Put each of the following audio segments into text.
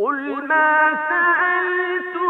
قل ما سألتم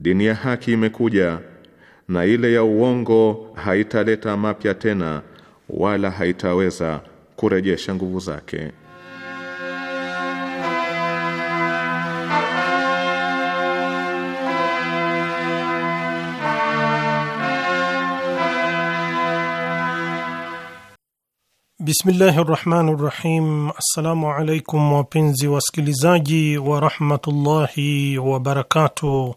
dini ya haki imekuja na ile ya uongo haitaleta mapya tena wala haitaweza kurejesha nguvu zake. Bismillahi rahmani rahim. Assalamu alaikum wapenzi wasikilizaji wa rahmatullahi wabarakatuh.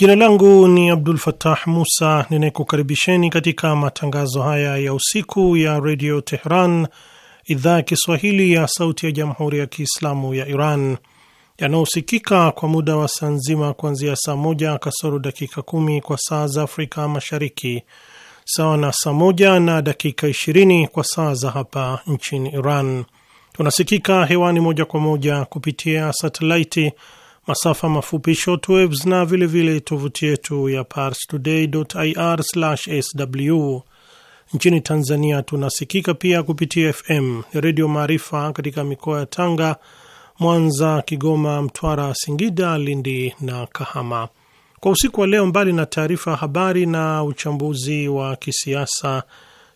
Jina langu ni Abdul Fatah Musa, ninayekukaribisheni katika matangazo haya ya usiku ya Redio Tehran, idhaa ya Kiswahili ya sauti ya Jamhuri ya Kiislamu ya Iran, yanayosikika kwa muda wa saa nzima kuanzia saa moja kasoro dakika kumi kwa saa za Afrika Mashariki, sawa na saa moja na dakika ishirini kwa saa za hapa nchini Iran. Tunasikika hewani moja kwa moja kupitia satelaiti masafa mafupi shortwaves na vilevile tovuti yetu ya parstoday.ir/sw. Nchini Tanzania tunasikika pia kupitia FM Redio Maarifa katika mikoa ya Tanga, Mwanza, Kigoma, Mtwara, Singida, Lindi na Kahama. Kwa usiku wa leo, mbali na taarifa ya habari na uchambuzi wa kisiasa,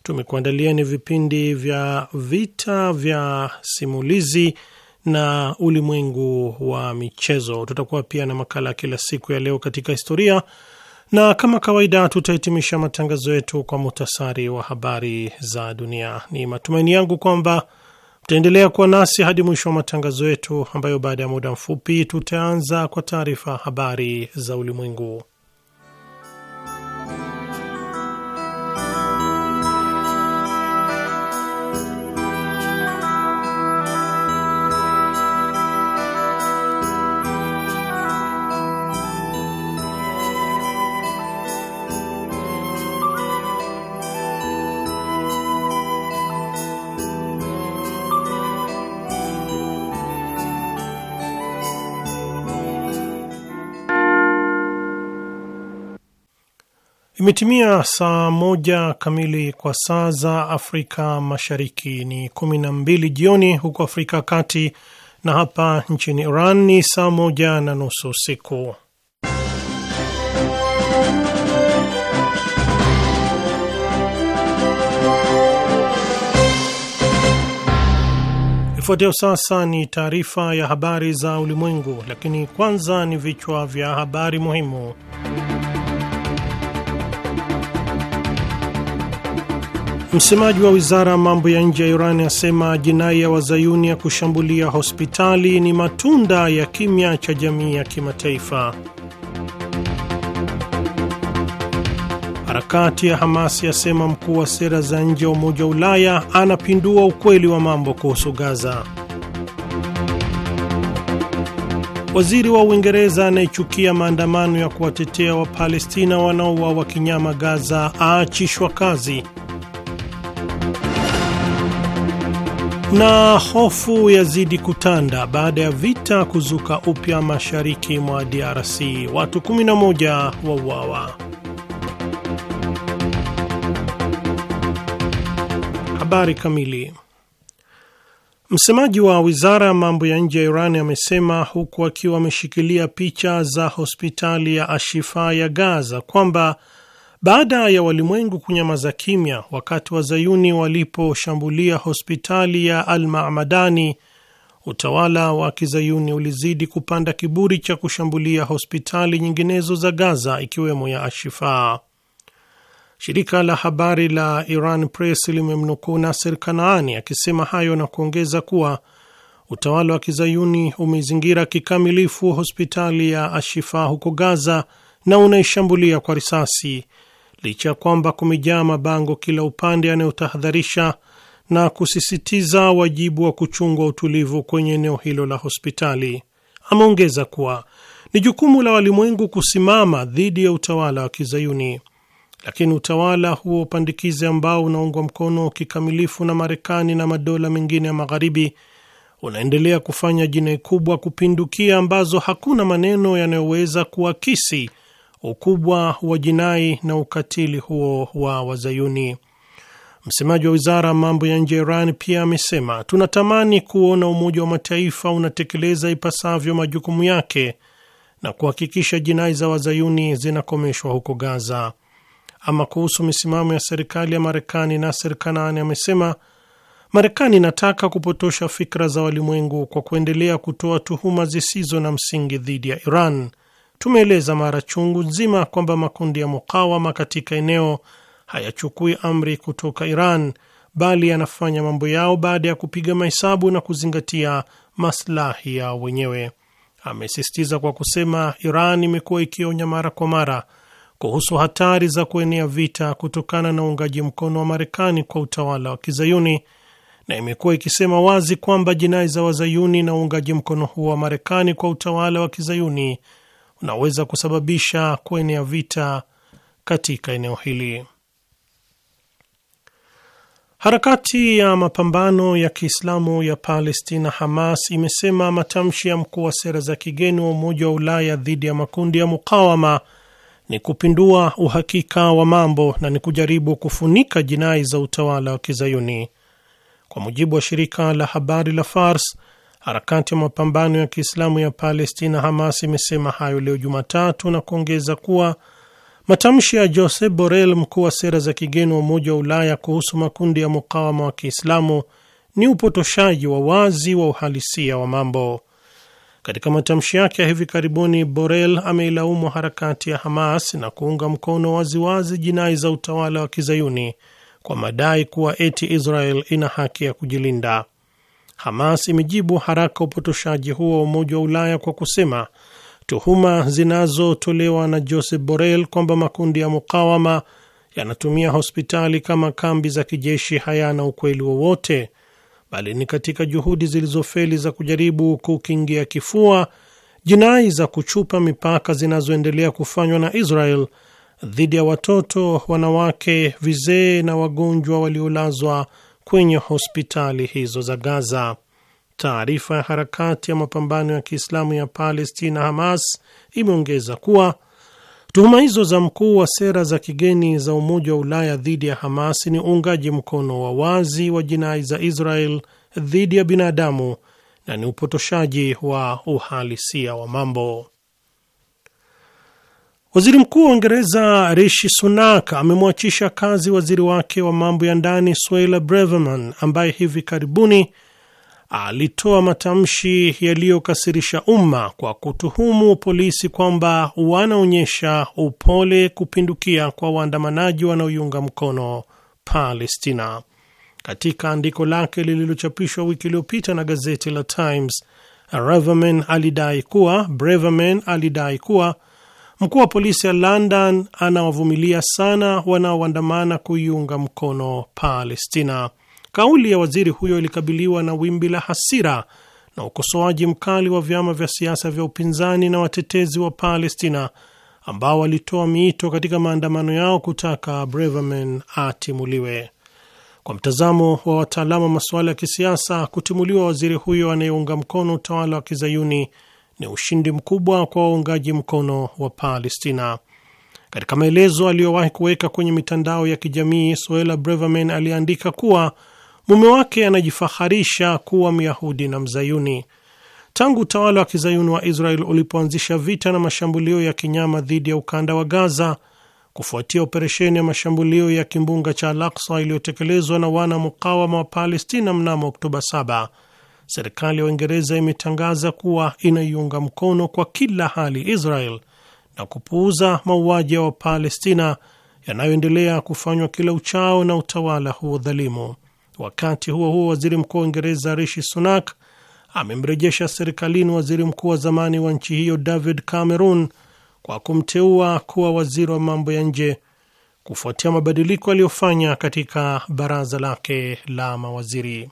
tumekuandalieni vipindi vya vita vya simulizi na ulimwengu wa michezo. Tutakuwa pia na makala ya kila siku ya leo katika historia, na kama kawaida tutahitimisha matangazo yetu kwa muhtasari wa habari za dunia. Ni matumaini yangu kwamba mtaendelea kuwa nasi hadi mwisho wa matangazo yetu, ambayo baada ya muda mfupi tutaanza kwa taarifa habari za ulimwengu. Imetimia saa moja kamili kwa saa za Afrika Mashariki, ni kumi na mbili jioni huko Afrika ya Kati, na hapa nchini Iran ni saa moja na nusu usiku. Ifuatayo sasa ni taarifa ya habari za ulimwengu, lakini kwanza ni vichwa vya habari muhimu. Msemaji wa wizara ya mambo ya nje ya Iran asema jinai ya wazayuni ya kushambulia hospitali ni matunda ya kimya cha jamii ya kimataifa. Harakati ya Hamas yasema mkuu wa sera za nje wa Umoja wa Ulaya anapindua ukweli wa mambo kuhusu Gaza. Waziri wa Uingereza anayechukia maandamano ya kuwatetea Wapalestina wanaouawa kinyama Gaza aachishwa kazi. Na hofu yazidi kutanda baada ya vita kuzuka upya mashariki mwa DRC. Watu 11 wauawa. Habari kamili. Msemaji wa wizara ya mambo ya nje ya Iran amesema huku akiwa ameshikilia picha za hospitali ya Ashifa ya Gaza kwamba baada ya walimwengu kunyamaza kimya wakati wazayuni waliposhambulia hospitali ya al Mamadani, utawala wa kizayuni ulizidi kupanda kiburi cha kushambulia hospitali nyinginezo za Gaza, ikiwemo ya Ashifa. Shirika la habari la Iran Press limemnukuu Nasir Kanaani akisema hayo na kuongeza kuwa utawala wa kizayuni umeizingira kikamilifu hospitali ya Ashifa huko Gaza na unaishambulia kwa risasi licha ya kwamba kumejaa mabango kila upande yanayotahadharisha na kusisitiza wajibu wa kuchungwa utulivu kwenye eneo hilo la hospitali. Ameongeza kuwa ni jukumu la walimwengu kusimama dhidi ya utawala wa Kizayuni, lakini utawala huo upandikizi ambao unaungwa mkono kikamilifu na Marekani na madola mengine ya Magharibi unaendelea kufanya jinai kubwa kupindukia ambazo hakuna maneno yanayoweza kuakisi ukubwa wa jinai na ukatili huo wa Wazayuni. Msemaji wa wizara ya mambo ya nje ya Iran pia amesema, tunatamani kuona Umoja wa Mataifa unatekeleza ipasavyo majukumu yake na kuhakikisha jinai za Wazayuni zinakomeshwa huko Gaza. Ama kuhusu misimamo ya serikali ya Marekani, Naser Kanaani amesema Marekani inataka kupotosha fikra za walimwengu kwa kuendelea kutoa tuhuma zisizo na msingi dhidi ya Iran Tumeeleza mara chungu nzima kwamba makundi ya mukawama katika eneo hayachukui amri kutoka Iran, bali yanafanya mambo yao baada ya kupiga mahesabu na kuzingatia maslahi yao wenyewe. Amesisitiza kwa kusema, Iran imekuwa ikionya mara kwa mara kuhusu hatari za kuenea vita kutokana na uungaji mkono wa Marekani kwa utawala wa Kizayuni, na imekuwa ikisema wazi kwamba jinai za Wazayuni na uungaji mkono huo wa Marekani kwa utawala wa Kizayuni unaweza kusababisha kuenea vita katika eneo hili. Harakati ya mapambano ya Kiislamu ya Palestina, Hamas, imesema matamshi ya mkuu wa sera za kigeni wa Umoja wa Ulaya dhidi ya makundi ya mukawama ni kupindua uhakika wa mambo na ni kujaribu kufunika jinai za utawala wa Kizayuni. Kwa mujibu wa shirika la habari la Fars, Harakati ya mapambano ya Kiislamu ya Palestina, Hamas, imesema hayo leo Jumatatu na kuongeza kuwa matamshi ya Josep Borrell, mkuu wa sera za kigeni wa Umoja wa Ulaya kuhusu makundi ya mukawama wa Kiislamu ni upotoshaji wa wazi wa uhalisia wa mambo. Katika matamshi yake ya hivi karibuni, Borrell ameilaumu harakati ya Hamas na kuunga mkono waziwazi jinai za utawala wa kizayuni kwa madai kuwa eti Israel ina haki ya kujilinda. Hamas imejibu haraka upotoshaji huo wa Umoja wa Ulaya kwa kusema tuhuma zinazotolewa na joseph Borrell kwamba makundi ya mukawama yanatumia hospitali kama kambi za kijeshi hayana ukweli wowote, bali ni katika juhudi zilizofeli za kujaribu kukingia kifua jinai za kuchupa mipaka zinazoendelea kufanywa na Israel dhidi ya watoto, wanawake, vizee na wagonjwa waliolazwa kwenye hospitali hizo za Gaza. Taarifa ya harakati ya mapambano ya Kiislamu ya Palestina, Hamas, imeongeza kuwa tuhuma hizo za mkuu wa sera za kigeni za Umoja wa Ulaya dhidi ya Hamas ni uungaji mkono wa wazi wa jinai za Israel dhidi ya binadamu na ni upotoshaji wa uhalisia wa mambo. Waziri Mkuu wa Uingereza Rishi Sunak amemwachisha kazi waziri wake wa mambo ya ndani Suella Braverman ambaye hivi karibuni alitoa matamshi yaliyokasirisha umma kwa kutuhumu polisi kwamba wanaonyesha upole kupindukia kwa waandamanaji wanaoiunga mkono Palestina. Katika andiko lake lililochapishwa wiki iliyopita na gazeti la Times, Braverman alidai kuwa Braverman alidai kuwa Mkuu wa polisi ya London anawavumilia sana wanaoandamana kuiunga mkono Palestina. Kauli ya waziri huyo ilikabiliwa na wimbi la hasira na ukosoaji mkali wa vyama vya siasa vya upinzani na watetezi wa Palestina ambao walitoa miito katika maandamano yao kutaka Braverman atimuliwe. Kwa mtazamo wa wataalamu wa masuala ya kisiasa, kutimuliwa waziri huyo anayeunga mkono utawala wa kizayuni ni ushindi mkubwa kwa waungaji mkono wa Palestina. Katika maelezo aliyowahi kuweka kwenye mitandao ya kijamii, Suela Braverman aliandika kuwa mume wake anajifaharisha kuwa Myahudi na Mzayuni. Tangu utawala wa kizayuni wa Israel ulipoanzisha vita na mashambulio ya kinyama dhidi ya ukanda wa Gaza kufuatia operesheni ya mashambulio ya kimbunga cha Al-Aqsa iliyotekelezwa na wana mukawama wa Palestina mnamo Oktoba 7 serikali ya Uingereza imetangaza kuwa inaiunga mkono kwa kila hali Israel na kupuuza mauaji ya Wapalestina yanayoendelea kufanywa kila uchao na utawala huo dhalimu. Wakati huo huo, waziri mkuu wa Uingereza Rishi Sunak amemrejesha serikalini waziri mkuu wa zamani wa nchi hiyo David Cameron kwa kumteua kuwa waziri wa mambo ya nje kufuatia mabadiliko aliyofanya katika baraza lake la mawaziri.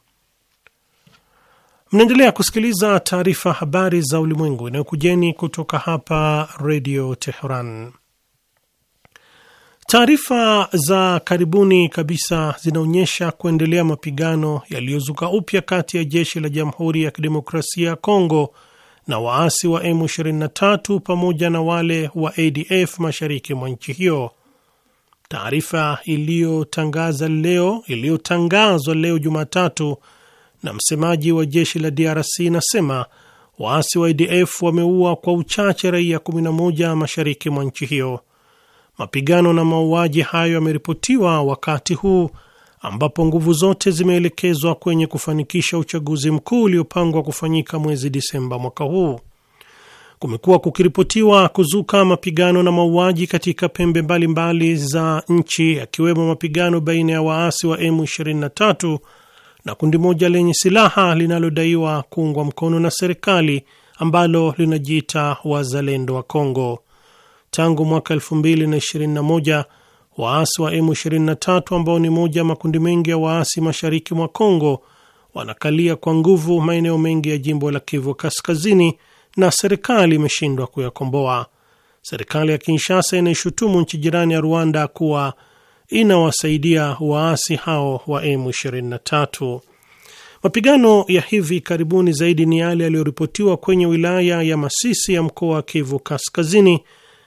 Mnaendelea kusikiliza taarifa habari za ulimwengu inayokujeni kutoka hapa redio Teheran. Taarifa za karibuni kabisa zinaonyesha kuendelea mapigano yaliyozuka upya kati ya jeshi la Jamhuri ya Kidemokrasia ya Kongo na waasi wa M23 pamoja na wale wa ADF mashariki mwa nchi hiyo. Taarifa iliyotangazwa leo, iliyotangazwa leo Jumatatu na msemaji wa jeshi la DRC inasema waasi wa ADF wameua kwa uchache raia 11 mashariki mwa nchi hiyo. Mapigano na mauaji hayo yameripotiwa wakati huu ambapo nguvu zote zimeelekezwa kwenye kufanikisha uchaguzi mkuu uliopangwa kufanyika mwezi Disemba mwaka huu. Kumekuwa kukiripotiwa kuzuka mapigano na mauaji katika pembe mbalimbali mbali za nchi, yakiwemo mapigano baina ya waasi wa M23 na kundi moja lenye silaha linalodaiwa kuungwa mkono na serikali ambalo linajiita wazalendo wa Kongo. Tangu mwaka 2021 waasi wa M23 ambao ni moja ya makundi mengi ya waasi mashariki mwa Kongo wanakalia kwa nguvu maeneo mengi ya jimbo la Kivu Kaskazini na serikali imeshindwa kuyakomboa. Serikali ya Kinshasa inaishutumu nchi jirani ya Rwanda kuwa inawasaidia waasi hao wa M23. Mapigano ya hivi karibuni zaidi ni yale yaliyoripotiwa kwenye wilaya ya Masisi ya mkoa wa Kivu Kaskazini,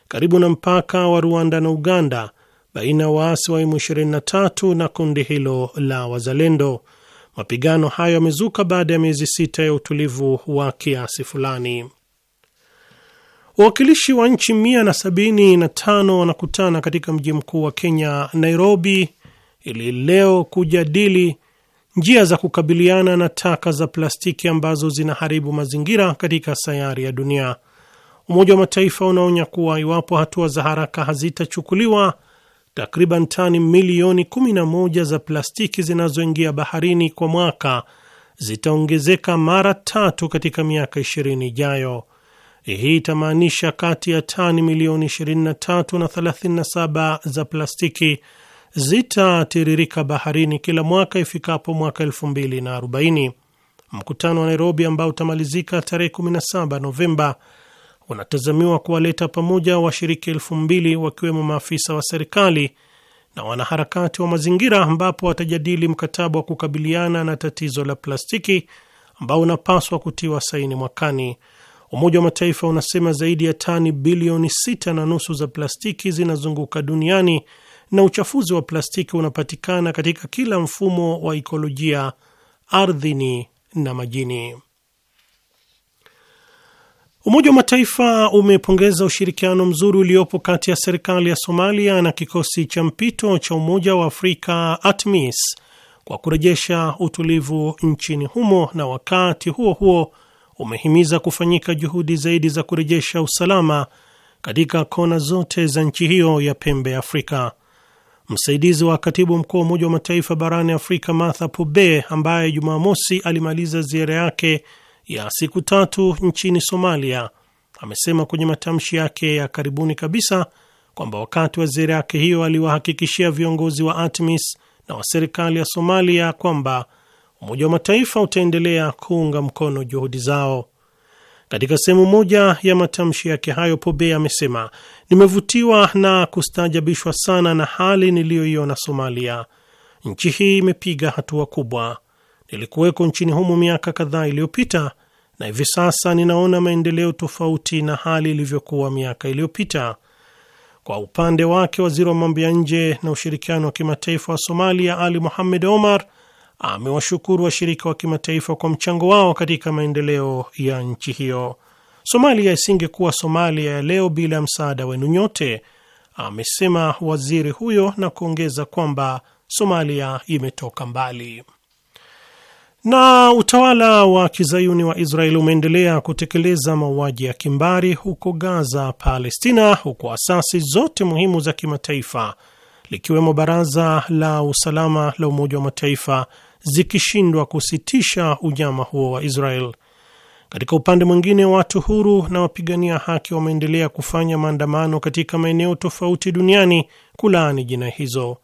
karibu na mpaka wa Rwanda na Uganda, baina ya waasi wa M23 na kundi hilo la Wazalendo. Mapigano hayo yamezuka baada ya miezi sita ya utulivu wa kiasi fulani. Wawakilishi wa nchi mia na sabini na tano wanakutana katika mji mkuu wa Kenya, Nairobi, ili leo kujadili njia za kukabiliana na taka za plastiki ambazo zinaharibu mazingira katika sayari ya dunia. Umoja wa Mataifa unaonya kuwa iwapo hatua za haraka hazitachukuliwa, takriban tani milioni 11 za plastiki zinazoingia baharini kwa mwaka zitaongezeka mara tatu katika miaka 20 ijayo. Hii itamaanisha kati ya tani milioni 23 na 37 za plastiki zitatiririka baharini kila mwaka ifikapo mwaka 2040. Mkutano wa Nairobi ambao utamalizika tarehe 17 Novemba unatazamiwa kuwaleta pamoja washiriki elfu mbili wakiwemo maafisa wa serikali na wanaharakati wa mazingira, ambapo watajadili mkataba wa kukabiliana na tatizo la plastiki ambao unapaswa kutiwa saini mwakani. Umoja wa Mataifa unasema zaidi ya tani bilioni sita na nusu za plastiki zinazunguka duniani na uchafuzi wa plastiki unapatikana katika kila mfumo wa ikolojia, ardhini na majini. Umoja wa Mataifa umepongeza ushirikiano mzuri uliopo kati ya serikali ya Somalia na kikosi cha mpito cha Umoja wa Afrika ATMIS kwa kurejesha utulivu nchini humo, na wakati huo huo umehimiza kufanyika juhudi zaidi za kurejesha usalama katika kona zote za nchi hiyo ya pembe ya Afrika. Msaidizi wa katibu mkuu wa Umoja wa Mataifa barani Afrika Martha Pobee, ambaye Jumamosi alimaliza ziara yake ya siku tatu nchini Somalia, amesema kwenye matamshi yake ya karibuni kabisa kwamba wakati wa ziara yake hiyo aliwahakikishia viongozi wa ATMIS na wa serikali ya Somalia kwamba Umoja wa Mataifa utaendelea kuunga mkono juhudi zao. Katika sehemu moja ya matamshi yake hayo, Pobe amesema nimevutiwa na kustaajabishwa sana na hali niliyoiona Somalia. Nchi hii imepiga hatua kubwa. Nilikuweko nchini humo miaka kadhaa iliyopita na hivi sasa ninaona maendeleo tofauti na hali ilivyokuwa miaka iliyopita. Kwa upande wake, waziri wa mambo ya nje na ushirikiano wa kimataifa wa Somalia Ali Mohamed Omar amewashukuru washirika wa kimataifa kwa mchango wao katika maendeleo ya nchi hiyo. Somalia isingekuwa Somalia ya leo bila msaada wenu nyote, amesema waziri huyo na kuongeza kwamba Somalia imetoka mbali. Na utawala wa kizayuni wa Israeli umeendelea kutekeleza mauaji ya kimbari huko Gaza, Palestina, huku asasi zote muhimu za kimataifa likiwemo Baraza la Usalama la Umoja wa Mataifa zikishindwa kusitisha unyama huo wa Israel. Katika upande mwingine, watu huru na wapigania haki wameendelea kufanya maandamano katika maeneo tofauti duniani kulaani jinai hizo.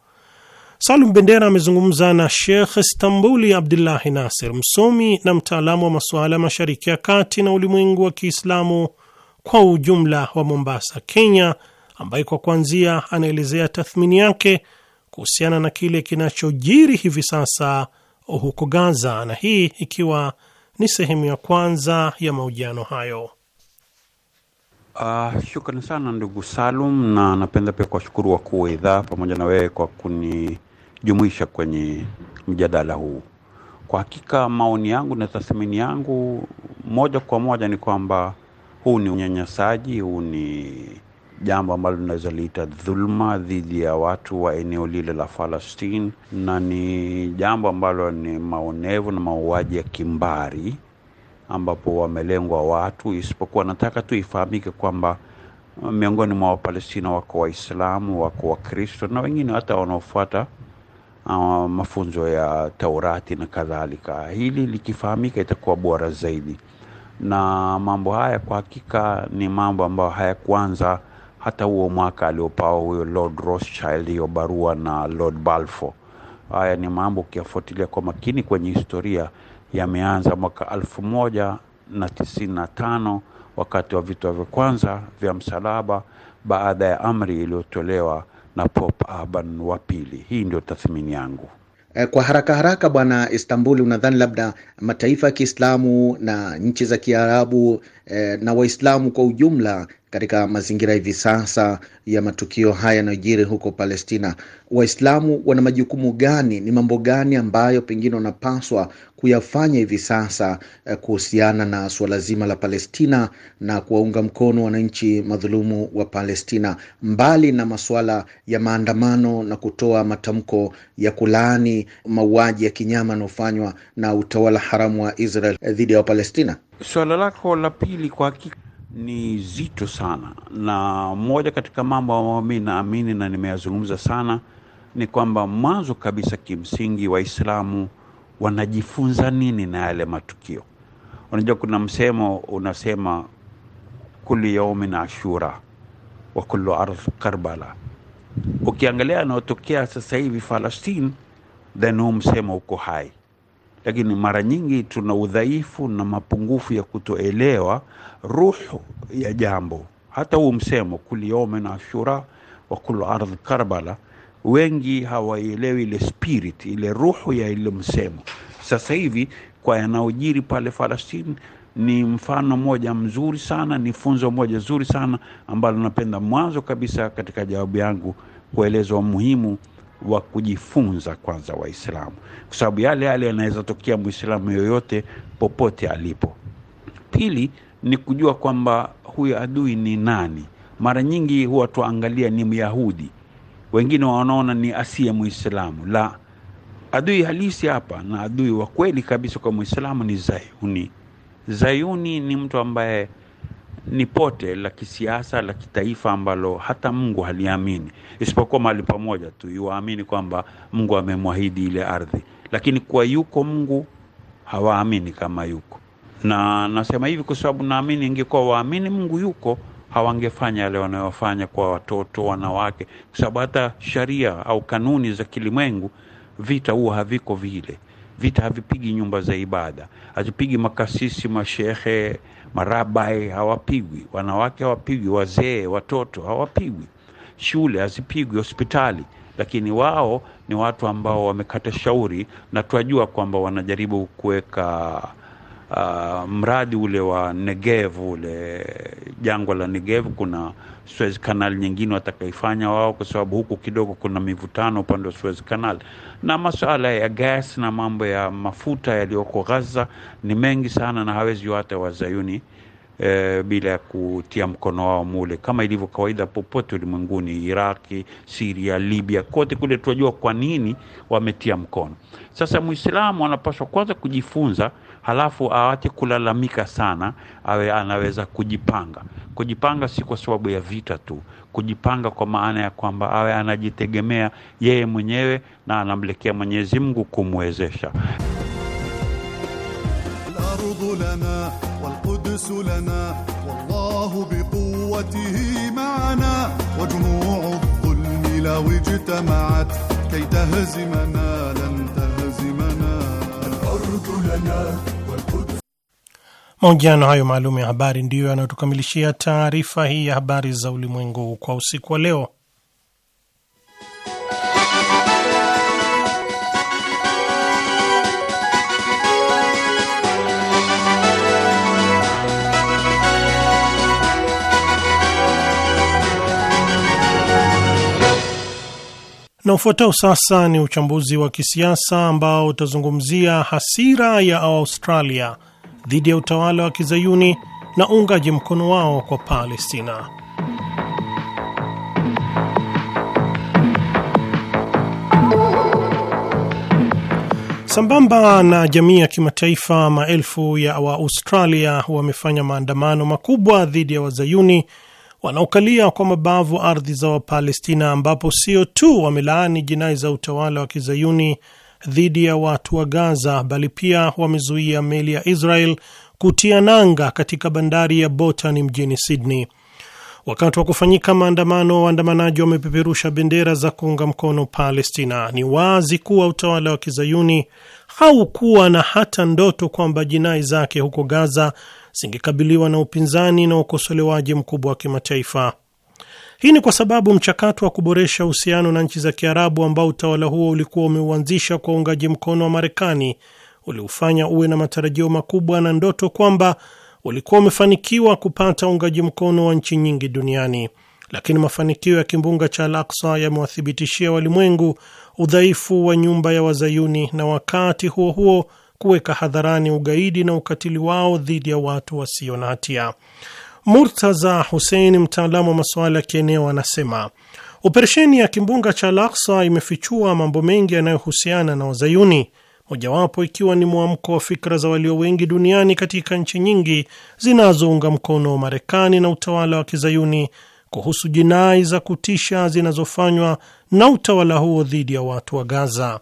Salum Bendera amezungumza na Shekh Stambuli Abdullahi Nasir, msomi na mtaalamu wa masuala ya Mashariki ya Kati na ulimwengu wa Kiislamu kwa ujumla wa Mombasa, Kenya, ambaye kwa kuanzia anaelezea tathmini yake kuhusiana na kile kinachojiri hivi sasa huko Gaza, na hii ikiwa ni sehemu ya kwanza ya mahojiano hayo. Uh, sana ndugu Salum, na napenda pia kuwashukuru wakuu wa idhaa pamoja na wewe kwa kunijumuisha kwenye mjadala huu. Kwa hakika maoni yangu na tathmini yangu moja kwa moja ni kwamba huu ni unyanyasaji, huu ni jambo ambalo linaweza liita dhuluma dhidi ya watu wa eneo lile la Palestine, na ni jambo ambalo ni maonevu na mauaji ya kimbari ambapo wamelengwa watu, isipokuwa nataka tu ifahamike kwamba miongoni mwa Wapalestina wako Waislamu, wako Wakristo na wengine hata wanaofuata uh, mafunzo ya Taurati na kadhalika. Hili likifahamika itakuwa bora zaidi, na mambo haya kwa hakika ni mambo ambayo hayakuanza hata huo mwaka aliopawa huyo lord rothschild hiyo barua na lord balfour haya ni mambo ukiyafuatilia kwa makini kwenye historia yameanza mwaka alfu moja na tisini na tano wakati wa vita vya kwanza vya msalaba baada ya amri iliyotolewa na pop Urban wa pili. Hii ndio tathmini yangu. Eh, kwa haraka haraka, Bwana Istanbul, unadhani labda mataifa ya Kiislamu na nchi za Kiarabu Eh, na Waislamu kwa ujumla katika mazingira hivi sasa ya matukio haya yanayojiri huko Palestina, Waislamu wana majukumu gani? Ni mambo gani ambayo pengine wanapaswa kuyafanya hivi sasa eh, kuhusiana na suala zima la Palestina na kuwaunga mkono wananchi madhulumu wa Palestina, mbali na masuala ya maandamano na kutoa matamko ya kulaani mauaji ya kinyama yanayofanywa na utawala haramu wa Israel eh, dhidi ya Wapalestina? Suala lako la pili kwa hakika ni zito sana, na moja katika mambo ambayo mi naamini na nimeyazungumza sana ni kwamba mwanzo kabisa, kimsingi, Waislamu wanajifunza nini na yale matukio? Unajua, kuna msemo unasema kullu yaumin ashura wa kulu ardh Karbala. Ukiangalia anaotokea sasa hivi Falastini, then huu msemo uko hai lakini mara nyingi tuna udhaifu na mapungufu ya kutoelewa ruhu ya jambo. Hata huu msemo kuli na ashura wa kulu ardh karbala, wengi hawaelewi ile spirit, ile ruhu ya ile msemo. Sasa hivi kwa yanaojiri pale Falastini ni mfano moja mzuri sana, ni funzo moja zuri sana ambalo napenda mwanzo kabisa katika jawabu yangu kueleza umuhimu wa kujifunza kwanza Waislamu, kwa sababu yale yale yanaweza tokea Mwislamu yoyote popote alipo. Pili ni kujua kwamba huyu adui ni nani. Mara nyingi huwa tuangalia ni Myahudi, wengine wanaona ni asiye Mwislamu. La, adui halisi hapa na adui wa kweli kabisa kwa Mwislamu ni Zayuni. Zayuni ni mtu ambaye ni pote la kisiasa la kitaifa ambalo hata Mungu haliamini isipokuwa mahali pamoja tu, yuwaamini kwamba Mungu amemwahidi ile ardhi, lakini kwa yuko Mungu hawaamini kama yuko. Na nasema hivi kwa sababu naamini, ingekuwa waamini Mungu yuko, hawangefanya yale wanayofanya kwa watoto, wanawake, kwa sababu hata sharia au kanuni za kilimwengu, vita huwa haviko vile. Vita havipigi nyumba za ibada, hazipigi makasisi, mashehe marabai hawapigwi, wanawake hawapigwi, wazee, watoto hawapigwi, shule hazipigwi, hospitali. Lakini wao ni watu ambao wamekata shauri, na twajua kwamba wanajaribu kuweka uh, mradi ule wa Negev ule jangwa la Negev, kuna Suez Canal nyingine watakaifanya wao, kwa sababu huku kidogo kuna mivutano upande wa Suez Canal na masuala ya gas na mambo ya mafuta yaliyoko Gaza ni mengi sana, na hawezi hata wazayuni E, eh, bila ya kutia mkono wao mule, kama ilivyo kawaida popote ulimwenguni, Iraki, Siria, Libya, kote kule tunajua kwa nini wametia mkono. Sasa Muislamu anapaswa kwanza kujifunza halafu awati kulalamika sana, awe anaweza kujipanga. Kujipanga si kwa sababu ya vita tu, kujipanga kwa maana ya kwamba awe anajitegemea yeye mwenyewe na anamlekea Mwenyezi Mungu kumwezesha. Mahojiano hayo maalum ya habari ndiyo yanayotukamilishia taarifa hii ya habari za ulimwengu kwa usiku wa leo. Na ufuatao sasa ni uchambuzi wa kisiasa ambao utazungumzia hasira ya Australia dhidi ya utawala wa kizayuni na uungaji mkono wao kwa Palestina. Sambamba na jamii ya kimataifa, maelfu ya Waaustralia wamefanya maandamano makubwa dhidi ya wazayuni wanaokalia kwa mabavu ardhi za Wapalestina, ambapo sio tu wamelaani jinai za utawala wa kizayuni dhidi ya watu wa Gaza, bali pia wamezuia meli ya Israel kutia nanga katika bandari ya Botany mjini Sydney. Wakati wa kufanyika maandamano, waandamanaji wamepeperusha bendera za kuunga mkono Palestina. Ni wazi kuwa utawala wa kizayuni haukuwa na hata ndoto kwamba jinai zake huko Gaza zingekabiliwa na upinzani na ukosolewaji mkubwa wa kimataifa. Hii ni kwa sababu mchakato wa kuboresha uhusiano na nchi za Kiarabu ambao utawala huo ulikuwa umeuanzisha kwa uungaji mkono wa Marekani uliofanya uwe na matarajio makubwa na ndoto kwamba ulikuwa umefanikiwa kupata uungaji mkono wa nchi nyingi duniani, lakini mafanikio ya kimbunga cha Al-Aqsa yamewathibitishia walimwengu udhaifu wa nyumba ya Wazayuni, na wakati huo huo kuweka hadharani ugaidi na ukatili wao dhidi ya watu wasio na hatia. Murtaza Hussein, mtaalamu wa masuala ya kieneo, anasema operesheni ya kimbunga cha Al-Aqsa imefichua mambo mengi yanayohusiana na Wazayuni, mojawapo ikiwa ni mwamko wa fikra za walio wengi duniani katika nchi nyingi zinazounga mkono Marekani na utawala wa kizayuni kuhusu jinai za kutisha zinazofanywa na utawala huo dhidi ya watu wa Gaza.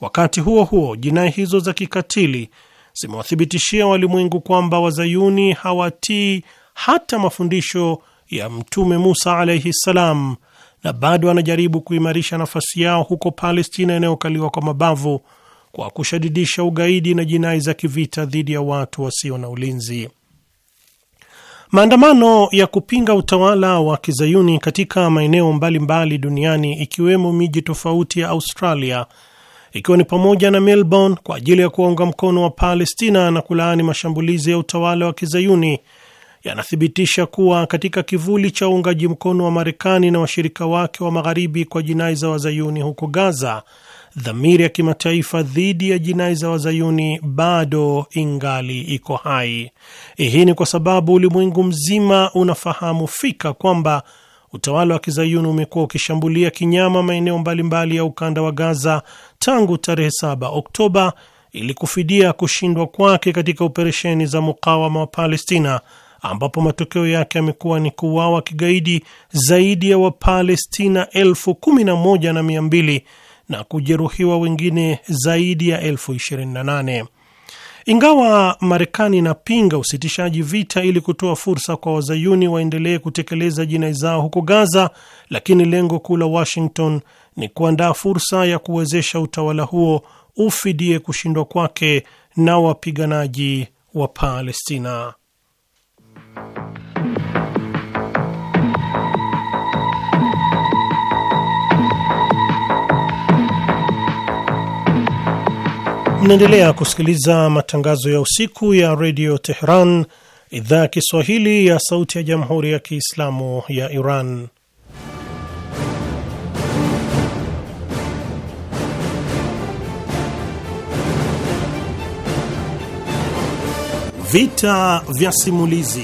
Wakati huo huo, jinai hizo za kikatili zimewathibitishia walimwengu kwamba wazayuni hawatii hata mafundisho ya Mtume Musa alaihi ssalam, na bado wanajaribu kuimarisha nafasi yao huko Palestina inayokaliwa kwa mabavu kwa kushadidisha ugaidi na jinai za kivita dhidi ya watu wasio na ulinzi. Maandamano ya kupinga utawala wa kizayuni katika maeneo mbalimbali duniani ikiwemo miji tofauti ya Australia ikiwa ni pamoja na Melbourne kwa ajili ya kuwaunga mkono wa Palestina na kulaani mashambulizi ya utawala wa kizayuni yanathibitisha kuwa katika kivuli cha uungaji mkono wa Marekani na washirika wake wa magharibi kwa jinai za wazayuni huko Gaza, dhamiri ya kimataifa dhidi ya jinai za wazayuni bado ingali iko hai. Hii ni kwa sababu ulimwengu mzima unafahamu fika kwamba utawala wa kizayuni umekuwa ukishambulia kinyama maeneo mbalimbali ya ukanda wa Gaza tangu tarehe 7 Oktoba ili kufidia kushindwa kwake katika operesheni za mukawama wa Palestina, ambapo matokeo yake yamekuwa ni kuuawa kigaidi zaidi ya Wapalestina elfu kumi na moja na mia mbili na kujeruhiwa wengine zaidi ya elfu ishirini na nane. Ingawa Marekani inapinga usitishaji vita ili kutoa fursa kwa wazayuni waendelee kutekeleza jinai zao huko Gaza, lakini lengo kuu la Washington ni kuandaa fursa ya kuwezesha utawala huo ufidie kushindwa kwake na wapiganaji wa Palestina. Mnaendelea kusikiliza matangazo ya usiku ya redio teheran idhaa ya Kiswahili ya sauti ya jamhuri ya Kiislamu ya Iran. Vita vya simulizi.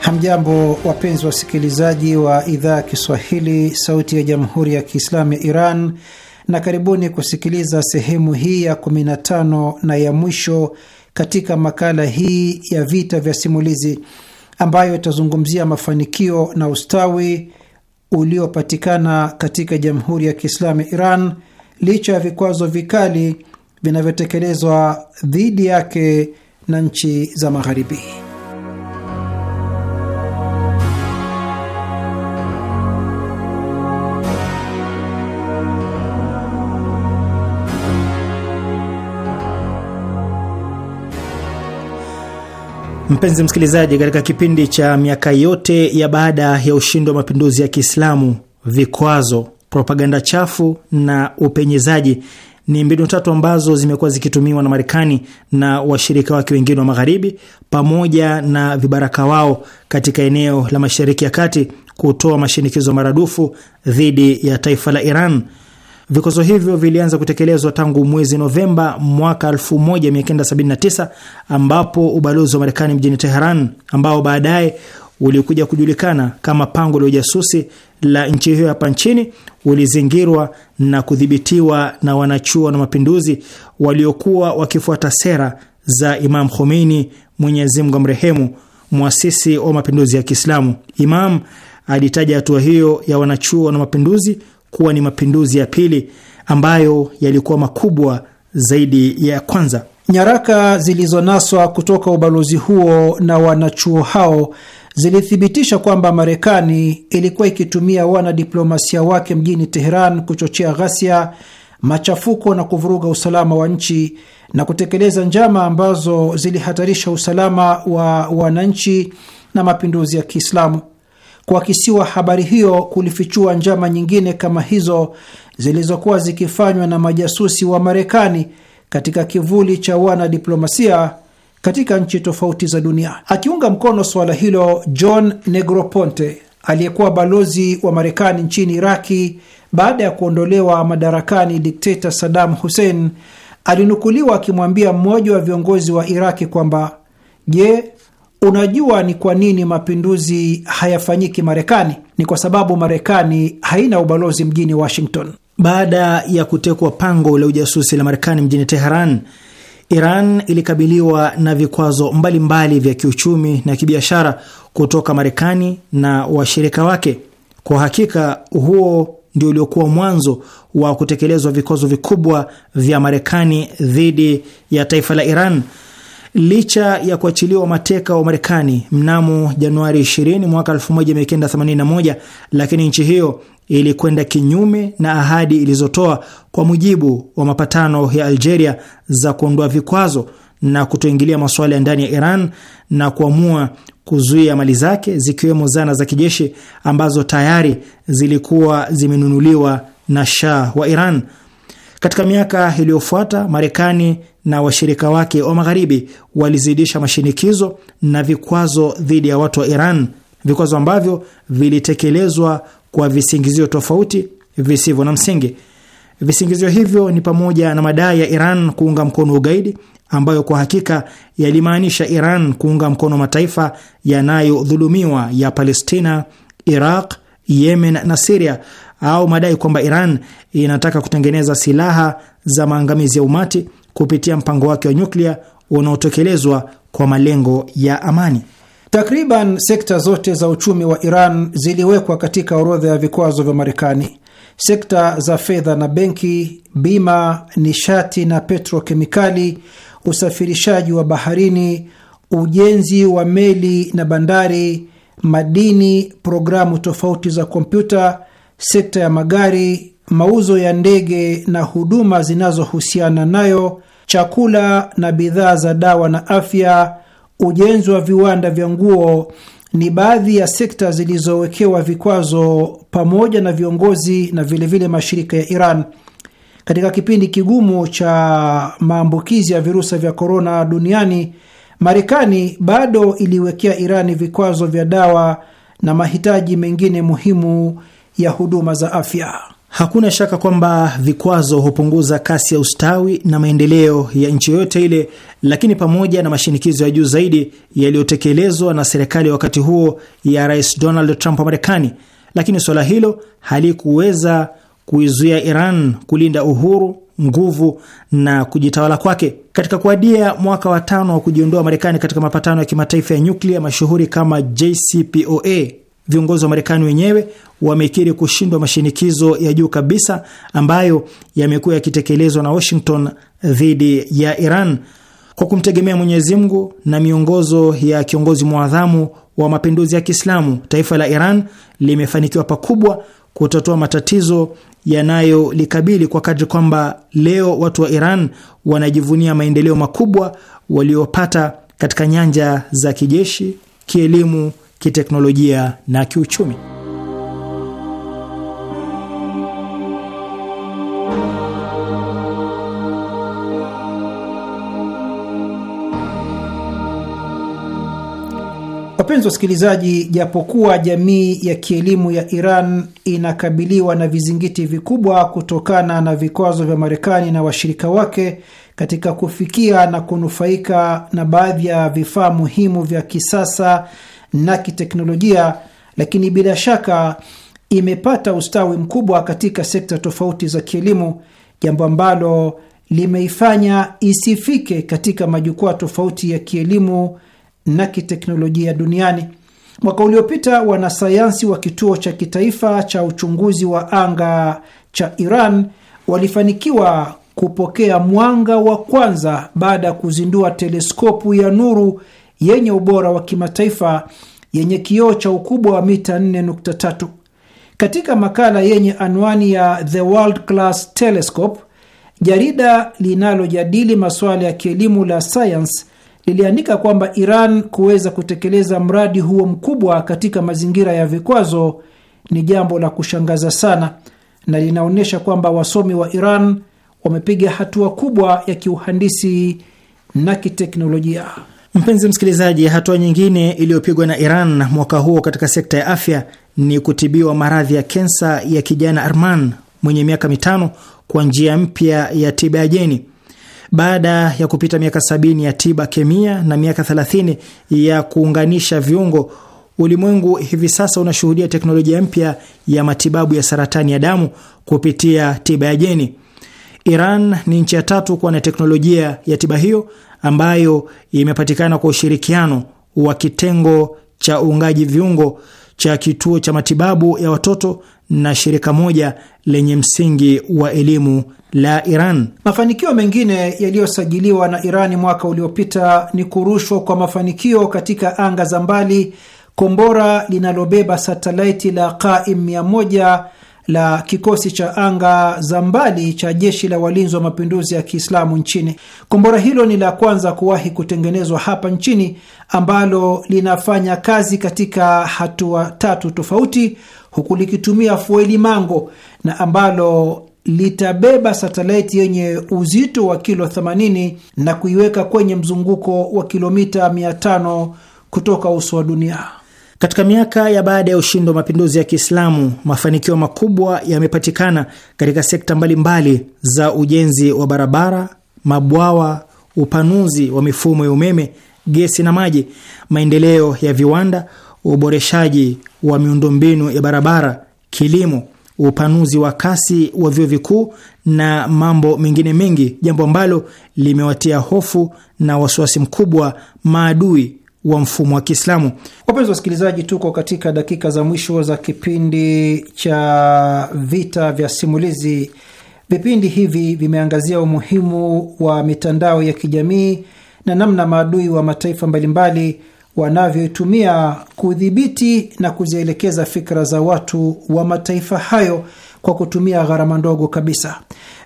Hamjambo, wapenzi wasikilizaji wa idhaa ya Kiswahili, sauti ya jamhuri ya kiislamu ya Iran, na karibuni kusikiliza sehemu hii ya 15 na ya mwisho katika makala hii ya vita vya simulizi ambayo itazungumzia mafanikio na ustawi uliopatikana katika Jamhuri ya Kiislamu ya Iran licha ya vikwazo vikali vinavyotekelezwa dhidi yake na nchi za Magharibi. Mpenzi msikilizaji, katika kipindi cha miaka yote ya baada ya ushindi wa mapinduzi ya Kiislamu, vikwazo, propaganda chafu na upenyezaji ni mbinu tatu ambazo zimekuwa zikitumiwa na Marekani na washirika wake wengine wa Magharibi pamoja na vibaraka wao katika eneo la Mashariki ya Kati kutoa mashinikizo maradufu dhidi ya taifa la Iran Vikwazo hivyo vilianza kutekelezwa tangu mwezi Novemba mwaka 1979 ambapo ubalozi wa Marekani mjini Teheran, ambao baadaye ulikuja kujulikana kama pango la ujasusi la nchi hiyo hapa nchini, ulizingirwa na kudhibitiwa na wanachuo na mapinduzi waliokuwa wakifuata sera za Imam Khomeini, Mwenyezi Mungu amrehemu, mwasisi wa mapinduzi ya Kiislamu. Imam alitaja hatua hiyo ya wanachuo na mapinduzi kuwa ni mapinduzi ya pili ambayo yalikuwa makubwa zaidi ya kwanza. Nyaraka zilizonaswa kutoka ubalozi huo na wanachuo hao zilithibitisha kwamba Marekani ilikuwa ikitumia wanadiplomasia wake mjini Teheran kuchochea ghasia, machafuko na kuvuruga usalama wa nchi na kutekeleza njama ambazo zilihatarisha usalama wa wananchi na mapinduzi ya Kiislamu. Kuakisiwa habari hiyo kulifichua njama nyingine kama hizo zilizokuwa zikifanywa na majasusi wa Marekani katika kivuli cha wanadiplomasia katika nchi tofauti za dunia. Akiunga mkono suala hilo, John Negroponte aliyekuwa balozi wa Marekani nchini Iraki baada ya kuondolewa madarakani dikteta Saddam Hussein alinukuliwa akimwambia mmoja wa viongozi wa Iraki kwamba, je, Unajua ni kwa nini mapinduzi hayafanyiki Marekani? Ni kwa sababu Marekani haina ubalozi mjini Washington. Baada ya kutekwa pango la ujasusi la Marekani mjini Teheran, Iran ilikabiliwa na vikwazo mbalimbali vya kiuchumi na kibiashara kutoka Marekani na washirika wake. Kwa hakika huo ndio uliokuwa mwanzo wa kutekelezwa vikwazo vikubwa vya Marekani dhidi ya taifa la Iran Licha ya kuachiliwa mateka wa Marekani mnamo Januari 20 mwaka 1981, lakini nchi hiyo ilikwenda kinyume na ahadi ilizotoa kwa mujibu wa mapatano ya Algeria za kuondoa vikwazo na kutoingilia masuala ya ndani ya Iran na kuamua kuzuia mali zake zikiwemo zana za kijeshi ambazo tayari zilikuwa zimenunuliwa na Shah wa Iran. Katika miaka iliyofuata, Marekani na washirika wake wa magharibi walizidisha mashinikizo na vikwazo dhidi ya watu wa Iran, vikwazo ambavyo vilitekelezwa kwa visingizio tofauti visivyo na msingi. Visingizio hivyo ni pamoja na madai ya Iran kuunga mkono ugaidi, ambayo kwa hakika yalimaanisha Iran kuunga mkono mataifa yanayodhulumiwa ya Palestina, Iraq, Yemen na Siria au madai kwamba Iran inataka kutengeneza silaha za maangamizi ya umati kupitia mpango wake wa nyuklia unaotekelezwa kwa malengo ya amani. Takriban sekta zote za uchumi wa Iran ziliwekwa katika orodha ya vikwazo vya Marekani. Sekta za fedha na benki, bima, nishati na petrokemikali, usafirishaji wa baharini, ujenzi wa meli na bandari, madini, programu tofauti za kompyuta sekta ya magari, mauzo ya ndege na huduma zinazohusiana nayo, chakula na bidhaa za dawa na afya, ujenzi wa viwanda vya nguo ni baadhi ya sekta zilizowekewa vikwazo pamoja na viongozi na vilevile vile mashirika ya Iran. Katika kipindi kigumu cha maambukizi ya virusi vya korona duniani, Marekani bado iliwekea Irani vikwazo vya dawa na mahitaji mengine muhimu ya huduma za afya. Hakuna shaka kwamba vikwazo hupunguza kasi ya ustawi na maendeleo ya nchi yoyote ile, lakini pamoja na mashinikizo ya juu zaidi yaliyotekelezwa na serikali ya wakati huo ya Rais Donald Trump wa Marekani, lakini suala hilo halikuweza kuizuia Iran kulinda uhuru, nguvu na kujitawala kwake. Katika kuadia mwaka wa tano wa kujiondoa Marekani katika mapatano ya kimataifa ya nyuklia mashuhuri kama JCPOA, viongozi wa Marekani wenyewe wamekiri kushindwa mashinikizo ya juu kabisa ambayo yamekuwa yakitekelezwa na Washington dhidi ya Iran kwa kumtegemea Mwenyezi Mungu na miongozo ya kiongozi mwadhamu wa mapinduzi ya Kiislamu, taifa la Iran limefanikiwa pakubwa kutatua matatizo yanayolikabili kwa kadri kwamba leo watu wa Iran wanajivunia maendeleo makubwa waliopata katika nyanja za kijeshi, kielimu kiteknolojia na kiuchumi. Wapenzi wasikilizaji, japokuwa jamii ya kielimu ya Iran inakabiliwa na vizingiti vikubwa kutokana na vikwazo vya Marekani na washirika wake katika kufikia na kunufaika na baadhi ya vifaa muhimu vya kisasa na kiteknolojia, lakini bila shaka imepata ustawi mkubwa katika sekta tofauti za kielimu, jambo ambalo limeifanya isifike katika majukwaa tofauti ya kielimu na kiteknolojia duniani. Mwaka uliopita wanasayansi wa kituo cha kitaifa cha uchunguzi wa anga cha Iran walifanikiwa kupokea mwanga wa kwanza baada ya kuzindua teleskopu ya nuru yenye ubora wa kimataifa yenye kioo cha ukubwa wa mita 4.3. Katika makala yenye anwani ya The World Class Telescope, jarida linalojadili masuala ya kielimu la Science liliandika kwamba Iran kuweza kutekeleza mradi huo mkubwa katika mazingira ya vikwazo ni jambo la kushangaza sana na linaonyesha kwamba wasomi wa Iran wamepiga hatua kubwa ya kiuhandisi na kiteknolojia. Mpenzi msikilizaji, hatua nyingine iliyopigwa na Iran mwaka huo katika sekta ya afya ni kutibiwa maradhi ya kensa ya kijana Arman mwenye miaka mitano kwa njia mpya ya tiba ya jeni. Baada ya kupita miaka sabini ya tiba kemia na miaka thelathini ya kuunganisha viungo, ulimwengu hivi sasa unashuhudia teknolojia mpya ya matibabu ya saratani ya damu kupitia tiba ya jeni. Iran ni nchi ya tatu kuwa na teknolojia ya tiba hiyo ambayo imepatikana kwa ushirikiano wa kitengo cha uungaji viungo cha kituo cha matibabu ya watoto na shirika moja lenye msingi wa elimu la Iran. Mafanikio mengine yaliyosajiliwa na Irani mwaka uliopita ni kurushwa kwa mafanikio katika anga za mbali kombora linalobeba satelaiti la Qaim la kikosi cha anga za mbali cha jeshi la walinzi wa mapinduzi ya Kiislamu nchini. Kombora hilo ni la kwanza kuwahi kutengenezwa hapa nchini ambalo linafanya kazi katika hatua tatu tofauti, huku likitumia fueli mango na ambalo litabeba satelaiti yenye uzito wa kilo 80 na kuiweka kwenye mzunguko wa kilomita 500 kutoka uso wa dunia. Katika miaka ya baada ya ushindi wa mapinduzi ya Kiislamu, mafanikio makubwa yamepatikana katika sekta mbalimbali mbali za ujenzi wa barabara, mabwawa, upanuzi wa mifumo ya umeme, gesi na maji, maendeleo ya viwanda, uboreshaji wa miundombinu ya barabara, kilimo, upanuzi wa kasi wa vyuo vikuu na mambo mengine mengi, jambo ambalo limewatia hofu na wasiwasi mkubwa maadui wa mfumo wa Kiislamu. Wapenzi wasikilizaji, tuko katika dakika za mwisho za kipindi cha vita vya simulizi. Vipindi hivi vimeangazia umuhimu wa mitandao ya kijamii na namna maadui wa mataifa mbalimbali wanavyoitumia kudhibiti na kuzielekeza fikra za watu wa mataifa hayo kwa kutumia gharama ndogo kabisa.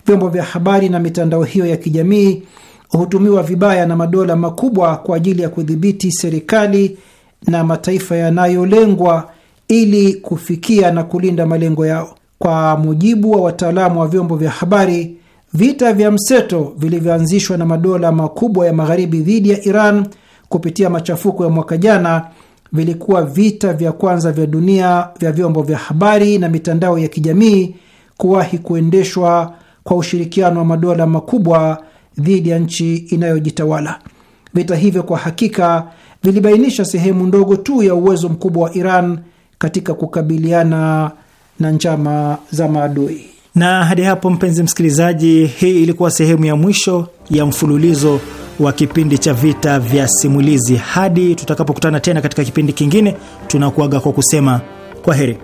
Vyombo vya habari na mitandao hiyo ya kijamii hutumiwa vibaya na madola makubwa kwa ajili ya kudhibiti serikali na mataifa yanayolengwa ili kufikia na kulinda malengo yao. Kwa mujibu wa wataalamu wa vyombo vya habari, vita vya mseto vilivyoanzishwa na madola makubwa ya magharibi dhidi ya Iran kupitia machafuko ya mwaka jana vilikuwa vita vya kwanza vya dunia vya vyombo vya habari na mitandao ya kijamii kuwahi kuendeshwa kwa ushirikiano wa madola makubwa dhidi ya nchi inayojitawala. Vita hivyo kwa hakika vilibainisha sehemu ndogo tu ya uwezo mkubwa wa Iran katika kukabiliana na njama za maadui. Na hadi hapo, mpenzi msikilizaji, hii ilikuwa sehemu ya mwisho ya mfululizo wa kipindi cha vita vya simulizi. Hadi tutakapokutana tena katika kipindi kingine, tunakuaga kwa kusema kwa heri.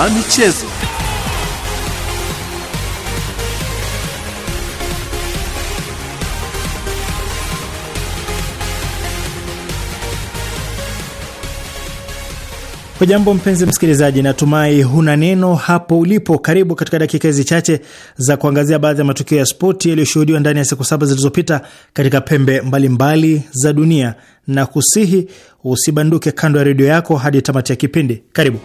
wa michezo. Hujambo mpenzi msikilizaji, natumai huna neno hapo ulipo. Karibu katika dakika hizi chache za kuangazia baadhi ya matukio ya spoti yaliyoshuhudiwa ndani ya siku saba zilizopita katika pembe mbalimbali mbali za dunia, na kusihi usibanduke kando ya redio yako hadi tamati ya kipindi. Karibu.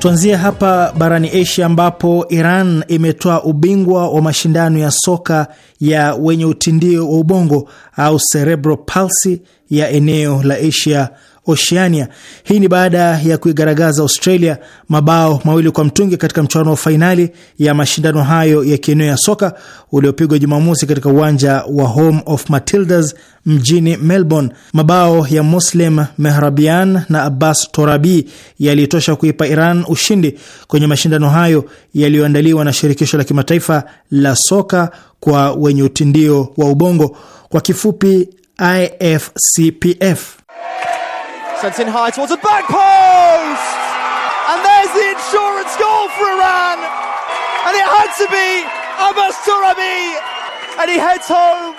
Tuanzie hapa barani Asia ambapo Iran imetoa ubingwa wa mashindano ya soka ya wenye utindio wa ubongo au cerebral palsy ya eneo la Asia Oceania. Hii ni baada ya kuigaragaza Australia mabao mawili kwa mtungi katika mchuano wa fainali ya mashindano hayo ya kieneo ya soka uliopigwa Jumamosi katika uwanja wa Home of Matildas mjini Melbourne. Mabao ya Muslim Mehrabian na Abbas Torabi yalitosha kuipa Iran ushindi kwenye mashindano hayo yaliyoandaliwa na shirikisho la kimataifa la soka kwa wenye utindio wa ubongo, kwa kifupi IFCPF. Sent in high towards the back post! And there's the insurance goal for Iran! And it had to be Abbas Turabi! And he heads home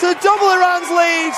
to double Iran's lead.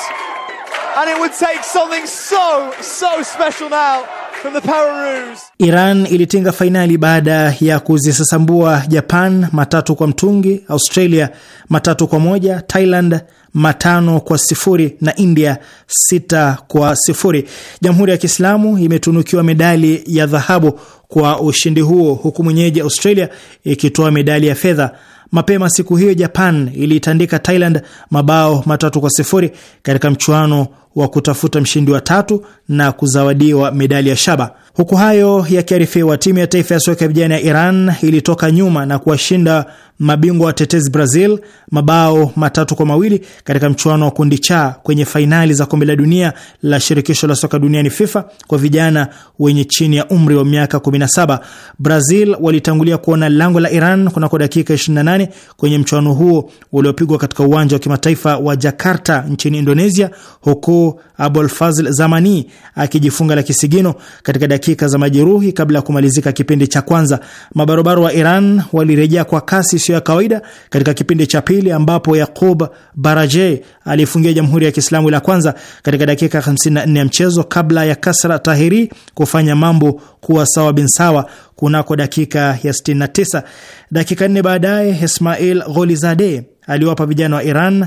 And it would take something so, so special now From the Iran ilitinga fainali baada ya kuzisasambua Japan matatu kwa mtungi, Australia matatu kwa moja, Thailand matano kwa sifuri na India sita kwa sifuri. Jamhuri ya Kiislamu imetunukiwa medali ya dhahabu kwa ushindi huo, huku mwenyeji Australia ikitoa medali ya fedha. Mapema siku hiyo Japan iliitandika Thailand mabao matatu kwa sifuri katika mchuano wa kutafuta mshindi wa tatu na kuzawadiwa medali ya shaba. Huku hayo yakiarifiwa, timu ya taifa ya soka ya vijana ya Iran ilitoka nyuma na kuwashinda mabingwa watetezi Brazil mabao matatu kwa mawili katika mchuano wa kundi cha kwenye fainali za kombe la dunia la shirikisho la soka duniani FIFA kwa vijana wenye chini ya umri wa miaka 17. Brazil walitangulia kuona lango la Iran kunako dakika 28 kwenye mchuano huo uliopigwa katika uwanja wa kimataifa wa Jakarta nchini Indonesia, huku mkuu Abolfazl Zamani akijifunga la kisigino katika dakika za majeruhi kabla ya kumalizika kipindi cha kwanza. Mabarobaro wa Iran walirejea kwa kasi isiyo ya kawaida katika kipindi cha pili, ambapo Yaqub Baraje alifungia Jamhuri ya Kiislamu la kwanza katika dakika 54 ya mchezo kabla ya Kasra Tahiri kufanya mambo kuwa sawa bin sawa kunako dakika ya 69. Dakika nne baadaye Ismail Golizade aliwapa vijana wa Iran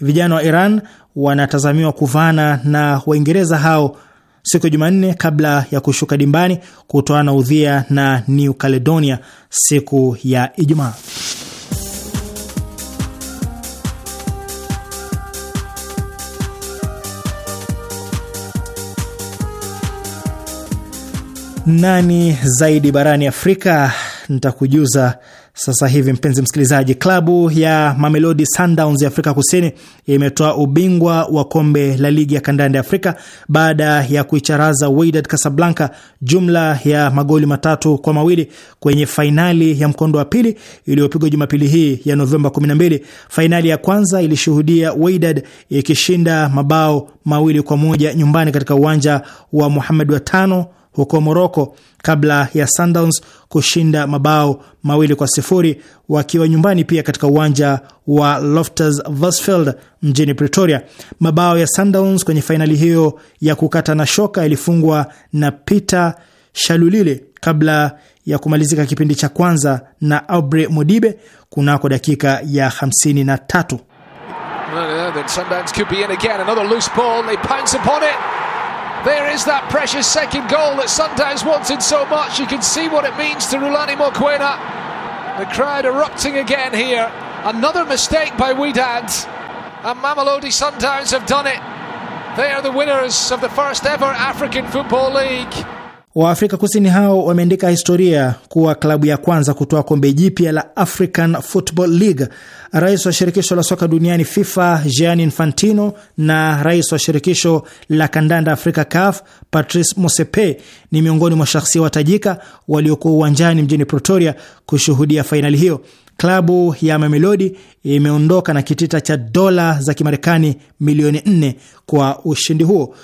vijana wa Iran wanatazamiwa kuvana na Waingereza hao siku ya Jumanne kabla ya kushuka dimbani kutoana udhia na New Caledonia siku ya Ijumaa. Nani zaidi barani Afrika nitakujuza sasa hivi mpenzi msikilizaji, klabu ya Mamelodi Sundowns ya Afrika Kusini imetoa ubingwa wa kombe la ligi ya kandanda ya Afrika baada ya kuicharaza Wydad Casablanca jumla ya magoli matatu kwa mawili kwenye fainali ya mkondo wa pili iliyopigwa Jumapili hii ya Novemba 12. Fainali ya kwanza ilishuhudia Wydad ikishinda mabao mawili kwa moja nyumbani katika uwanja wa Muhamed wa tano huko Moroko kabla ya Sundowns kushinda mabao mawili kwa sifuri wakiwa nyumbani pia katika uwanja wa Loftus Versfeld mjini Pretoria. Mabao ya Sundowns kwenye fainali hiyo ya kukata na shoka yalifungwa na Peter Shalulile kabla ya kumalizika kipindi cha kwanza na Aubrey Modibe kunako dakika ya 53. There is that precious second goal that Sundowns wanted so much. You can see what it means to Rulani Mokwena. The crowd erupting again here. Another mistake by Weedad. And Mamelodi Sundowns have done it. They are the winners of the first ever African Football League. Waafrika Kusini hao wameandika historia kuwa klabu ya kwanza kutoa kombe jipya la African Football League. Rais wa shirikisho la soka duniani FIFA Gianni Infantino na rais wa shirikisho la kandanda Afrika CAF Patrice Motsepe ni miongoni mwa shahsia watajika waliokuwa uwanjani mjini Pretoria kushuhudia fainali hiyo. Klabu ya Mamelodi imeondoka na kitita cha dola za Kimarekani milioni 4 kwa ushindi huo.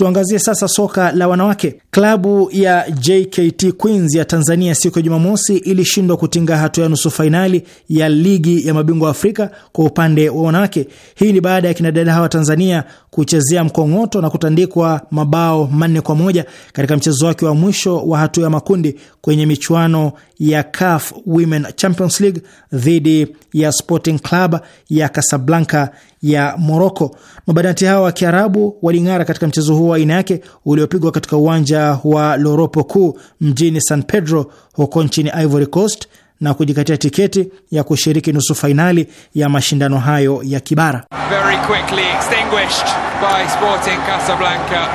Tuangazie sasa soka la wanawake. Klabu ya JKT Queens ya Tanzania siku ya Jumamosi ilishindwa kutinga hatua ya nusu fainali ya ligi ya mabingwa Afrika kwa upande wa wanawake. Hii ni baada ya kinadada hawa Tanzania kuchezea mkong'oto na kutandikwa mabao manne kwa moja katika mchezo wake wa mwisho wa hatua ya makundi kwenye michuano ya CAF Women Champions League dhidi ya Sporting Club ya Casablanca ya Morocco. Mabanati hao wa Kiarabu waling'ara katika mchezo huo wa aina yake uliopigwa katika uwanja wa Loropo kuu mjini San Pedro huko nchini Ivory Coast na kujikatia tiketi ya kushiriki nusu fainali ya mashindano hayo ya kibara. Very quickly extinguished by Sporting Casablanca.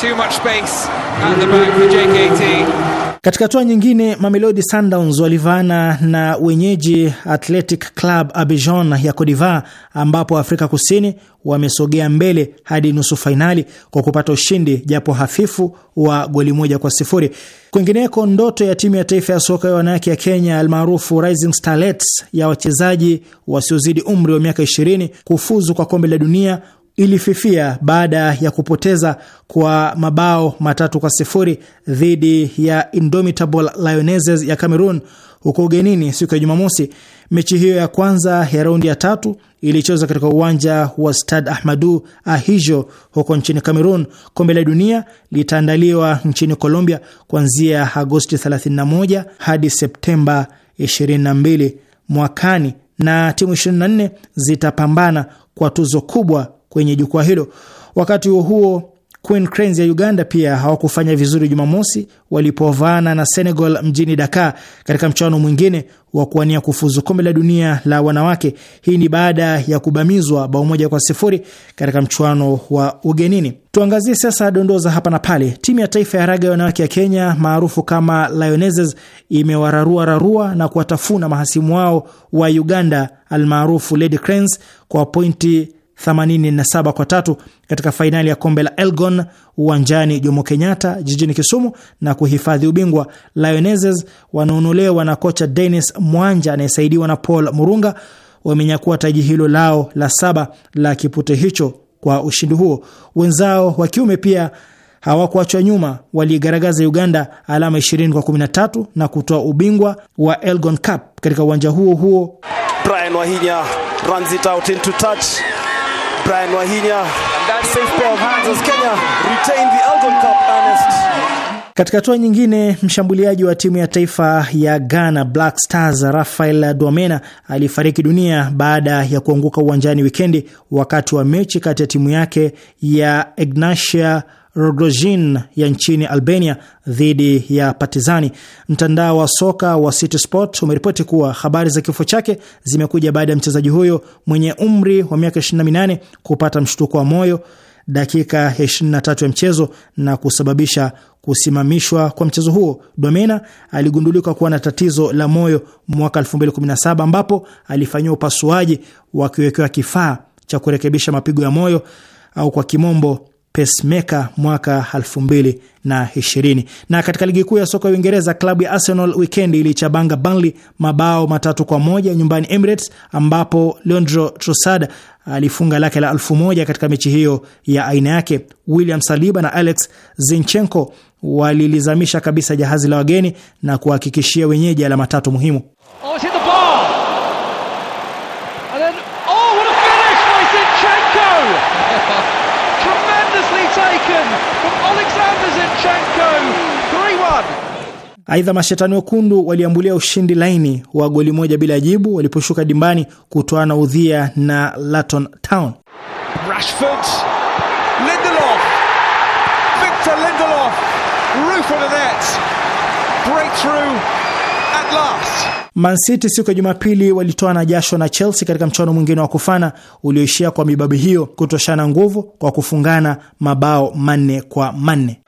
Too much space at the back for JKT. Katika hatua nyingine, Mamelodi Sundowns walivaana na wenyeji Athletic Club Abidjan ya Cote d'Ivoire, ambapo Afrika Kusini wamesogea mbele hadi nusu fainali kwa kupata ushindi japo hafifu wa goli moja kwa sifuri. Kwingineko, ndoto ya timu ya taifa ya soka ya wanawake ya Kenya almaarufu Rising Starlets ya wachezaji wasiozidi umri wa miaka 20 kufuzu kwa kombe la dunia ilififia baada ya kupoteza kwa mabao matatu kwa sifuri dhidi ya Indomitable Lionesses ya Cameroon huko ugenini siku ya Jumamosi. Mechi hiyo ya kwanza ya raundi ya tatu ilichezwa katika uwanja wa Stade Ahmadu Ahijo huko nchini Cameroon. Kombe la Dunia litaandaliwa nchini Colombia kuanzia Agosti 31 hadi Septemba 22 mwakani, na timu 24 zitapambana kwa tuzo kubwa kwenye jukwaa hilo. Wakati huo huo, Queen Cranes ya Uganda pia hawakufanya vizuri Jumamosi walipovaana na Senegal mjini Dakar katika mchuano mwingine wa kuwania kufuzu kombe la dunia la wanawake. Hii ni baada ya kubamizwa bao moja kwa sifuri katika mchuano wa ugenini. Tuangazie sasa dondoo za hapa na pale. Timu ya taifa ya raga ya wanawake ya Kenya maarufu kama Lionesses imewararua rarua na kuwatafuna mahasimu wao wa Uganda almaarufu Lady Cranes kwa pointi 87 kwa tatu katika fainali ya kombe la Elgon uwanjani Jomo Kenyatta jijini Kisumu na kuhifadhi ubingwa. Lionesses wanaonolewa na kocha Dennis Mwanja anayesaidiwa na Paul Murunga wamenyakua taji hilo lao la saba la kipute hicho kwa ushindi huo. Wenzao wa kiume pia hawakuachwa nyuma, waliigaragaza Uganda alama 20 kwa 13 na kutoa ubingwa wa Elgon Cup katika uwanja huo huo. Brian Wahinya runs it out into touch Brian Wahinya, safe pair of hands as Kenya retain the Elgon Cup Ernest. Katika hatua nyingine, mshambuliaji wa timu ya taifa ya Ghana Black Stars rafael Duamena alifariki dunia baada ya kuanguka uwanjani wikendi wakati wa mechi kati ya timu yake ya Ignatia Rogozin ya nchini Albania dhidi ya Partizani. Mtandao wa soka wa City Sport umeripoti kuwa habari za kifo chake zimekuja baada ya mchezaji huyo mwenye umri wa miaka 28 kupata mshtuko wa moyo dakika ya 23 ya mchezo na kusababisha kusimamishwa kwa mchezo huo. Domena aligundulika kuwa na tatizo la moyo mwaka 2017 ambapo alifanyiwa upasuaji wa kifaa cha kurekebisha mapigo ya moyo au kwa kimombo pacemaker mwaka 2020. Na katika ligi kuu ya soka ya Uingereza, klabu ya Arsenal wikendi ilichabanga Burnley mabao matatu kwa moja nyumbani Emirates, ambapo Leandro Trossard alifunga lake la elfu moja katika mechi hiyo ya aina yake. William Saliba na Alex Zinchenko walilizamisha kabisa jahazi la wageni na kuhakikishia wenyeji alama tatu muhimu. Oh, Aidha, mashetani wekundu waliambulia ushindi laini wa goli moja bila jibu waliposhuka dimbani kutoana udhia na Luton Town. Rashford, Lindelof, Victor Lindelof, roof of the net, breakthrough at last. Man City siku ya Jumapili walitoa na jasho na Chelsea katika mchuano mwingine wa kufana ulioishia kwa mibabi hiyo kutoshana nguvu kwa kufungana mabao manne kwa manne.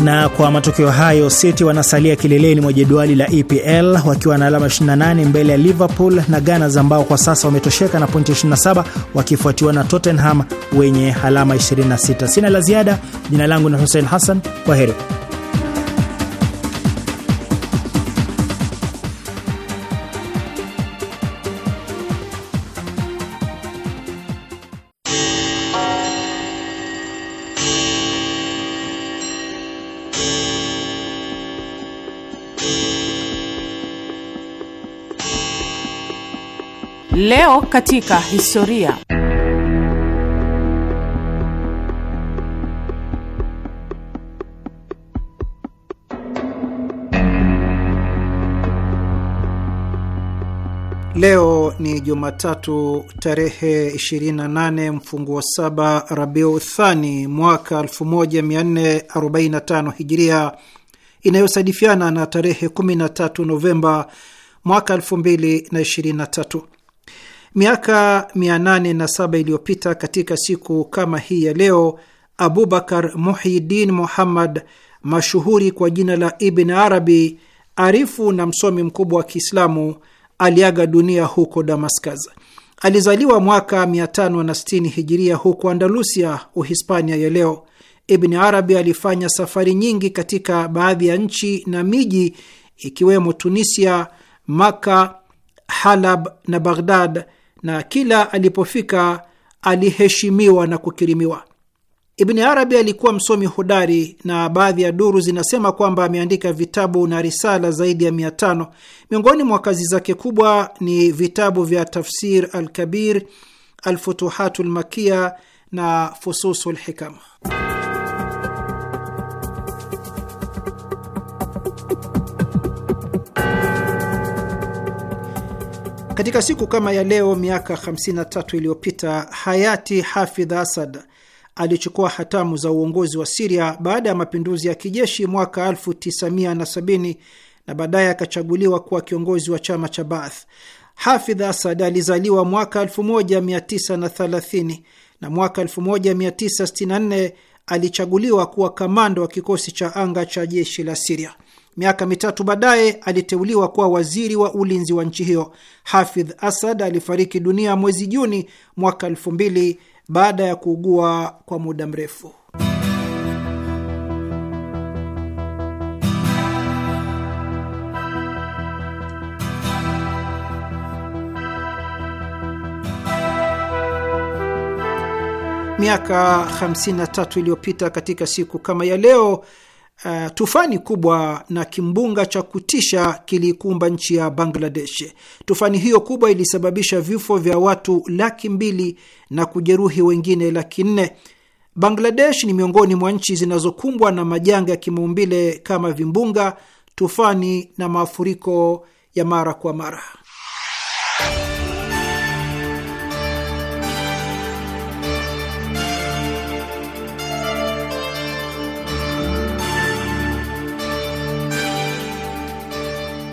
na kwa matokeo hayo City wanasalia kileleni mwa jedwali la EPL wakiwa na alama 28 mbele ya Liverpool na Gunners ambao kwa sasa wametosheka na pointi 27 wakifuatiwa na Tottenham wenye alama 26. Sina la ziada. Jina langu ni Hussein Hassan, kwa heri. Leo katika historia. Leo ni Jumatatu tarehe 28 mfunguo saba Rabiu Thani mwaka 1445 Hijiria, inayosadifiana na tarehe 13 Novemba mwaka 2023. Miaka 807 iliyopita katika siku kama hii ya leo, Abubakar Muhyiddin Muhammad mashuhuri kwa jina la Ibn Arabi, arifu na msomi mkubwa wa Kiislamu, aliaga dunia huko Damascus. Alizaliwa mwaka 560 hijiria huko Andalusia, Uhispania ya leo. Ibn Arabi alifanya safari nyingi katika baadhi ya nchi na miji ikiwemo Tunisia, Maka, Halab na Baghdad na kila alipofika aliheshimiwa na kukirimiwa. Ibni Arabi alikuwa msomi hodari na baadhi ya duru zinasema kwamba ameandika vitabu na risala zaidi ya mia tano. Miongoni mwa kazi zake kubwa ni vitabu vya Tafsir Alkabir, Alfutuhatu Lmakia na Fususu Lhikama. Katika siku kama ya leo miaka 53 iliyopita hayati Hafidh Asad alichukua hatamu za uongozi wa Siria baada ya mapinduzi ya kijeshi mwaka 1970 na baadaye akachaguliwa kuwa kiongozi wa chama cha Baath. Hafidh Asad alizaliwa mwaka 1930 na mwaka 1964 alichaguliwa kuwa kamanda wa kikosi cha anga cha jeshi la Siria. Miaka mitatu baadaye aliteuliwa kuwa waziri wa ulinzi wa nchi hiyo. Hafidh Asad alifariki dunia mwezi Juni mwaka elfu mbili baada ya kuugua kwa muda mrefu. Miaka 53 iliyopita katika siku kama ya leo Uh, tufani kubwa na kimbunga cha kutisha kiliikumba nchi ya Bangladesh. Tufani hiyo kubwa ilisababisha vifo vya watu laki mbili na kujeruhi wengine laki nne. Bangladesh ni miongoni mwa nchi zinazokumbwa na majanga ya kimaumbile kama vimbunga, tufani na mafuriko ya mara kwa mara.